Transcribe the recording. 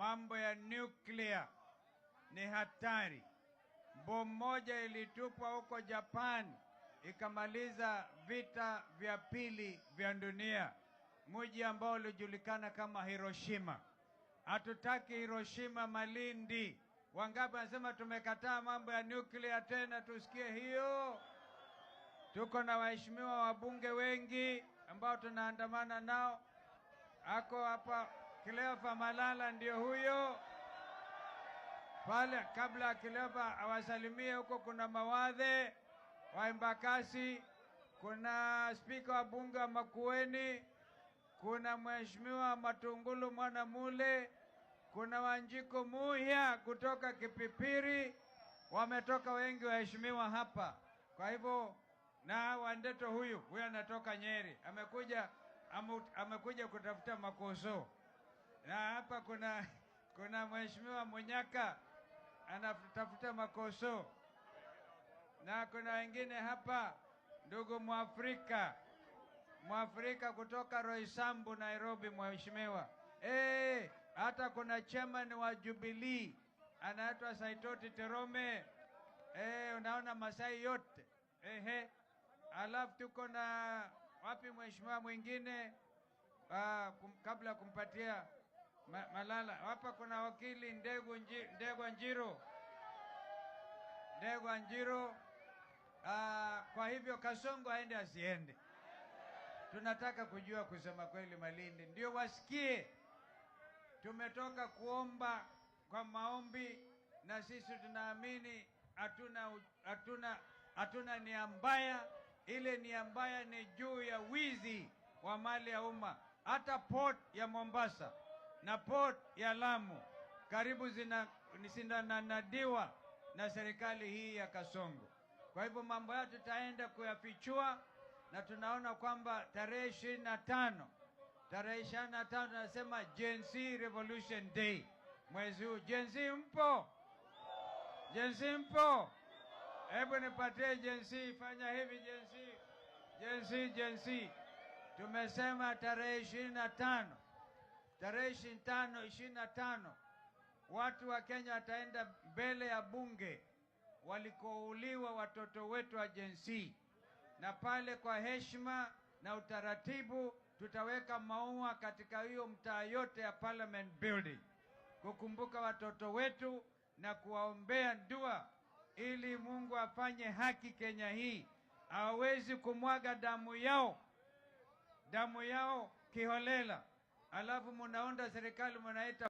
mambo ya nuclear ni hatari. Bomu moja ilitupwa huko Japan ikamaliza vita vya pili vya dunia, mji ambao ulijulikana kama Hiroshima. Hatutaki Hiroshima Malindi. Wangapi wanasema tumekataa mambo ya nuclear tena? Tusikie hiyo. Tuko na waheshimiwa wabunge wengi ambao tunaandamana nao, ako hapa Cleopa Malala ndio huyo pale. Kabla ya Cleopa awasalimie huko, kuna mawadhe wa Embakasi, kuna spika wa bunge wa Makueni, kuna mheshimiwa Matungulu Mwana Mule, kuna Wanjiko Muhya kutoka Kipipiri. Wametoka wengi waheshimiwa hapa, kwa hivyo na Wandeto huyu huyu anatoka Nyeri, amekuja amekuja kutafuta makosoo na hapa kuna, kuna mheshimiwa Munyaka anatafuta makoso na kuna wengine hapa, ndugu Mwafrika Mwafrika kutoka Roysambu, Nairobi, mheshimiwa eh, hata kuna chairman wa Jubilee anaitwa Saitoti Terome e, unaona Masai yote ehe. Alafu tuko na wapi mheshimiwa mwingine uh, kum, kabla kumpatia Ma, Malala hapa kuna wakili Ndegwa nji, Ndegwa Njiro, Ndegwa Njiro. Aa, ah, kwa hivyo Kasongo aende asiende, tunataka kujua kusema kweli Malindi, ndio wasikie tumetoka kuomba kwa maombi, na sisi tunaamini hatuna hatuna hatuna nia mbaya. Ile nia mbaya ni juu ya wizi wa mali ya umma, hata port ya Mombasa na port ya Lamu karibu zinasindanadiwa na serikali hii ya Kasongo. Kwa hivyo mambo hayo tutaenda kuyafichua, na tunaona kwamba tarehe ishirini na tano tarehe ishirini na tano tunasema Gen Z Revolution Day mwezi huu. Gen Z mpo? Gen Z mpo? Hebu nipatie Gen Z, fanya hivi Gen Z, Gen Z, Gen Z. Tumesema tarehe ishirini na tano tarehe ishirini tano ishirini na tano watu wa Kenya wataenda mbele ya bunge walikouliwa watoto wetu wa jensi, na pale kwa heshima na utaratibu tutaweka maua katika hiyo mtaa yote ya Parliament Building kukumbuka watoto wetu na kuwaombea dua ili Mungu afanye haki Kenya hii. Hawezi kumwaga damu yao damu yao kiholela alafu munaonda serikali munaita